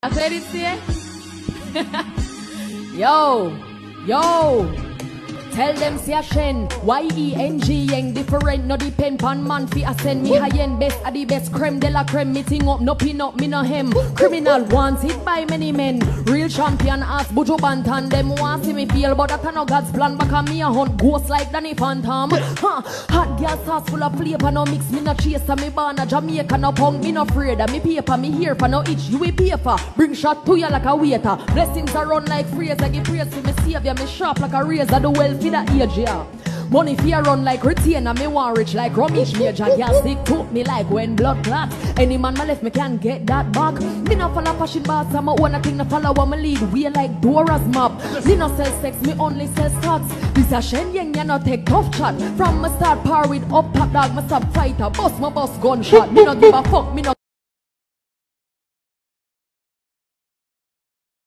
I said it, Yo, yo. Tell them say a Shen, Y-E-N-G, yang different, no depend pan man fi ascend me high end, best of the best, creme de la creme, me ting up, no pin up, me no hem, criminal wanted by many men, real champion ass, bujo bantan, them want see me feel, but that no God's plan, back on me a hunt, ghost like Danny Phantom, huh, hot gas sauce full of flavor, no mix, me no chase, me born a Jamaica, no punk, me no afraid, me paper, me here for no itch, you a paper, bring shot to ya like a waiter, blessings are run like freezer, give praise to me savior, me sharp like a razor, the wealthy see that age, yeah. Money fear run like retainer, me want rich like rummage major. Girl sick to me like when blood clots. Any man my left me can't get that back. Me no follow fashion boss, I'm a one I think no follow what me lead. We are like Dora's map. Me no sell sex, me only sell stocks. This a Shen Yang, you no take tough chat. From my start par with up top dog, Me stop fighter, boss my boss gunshot. Me no give a fuck, me no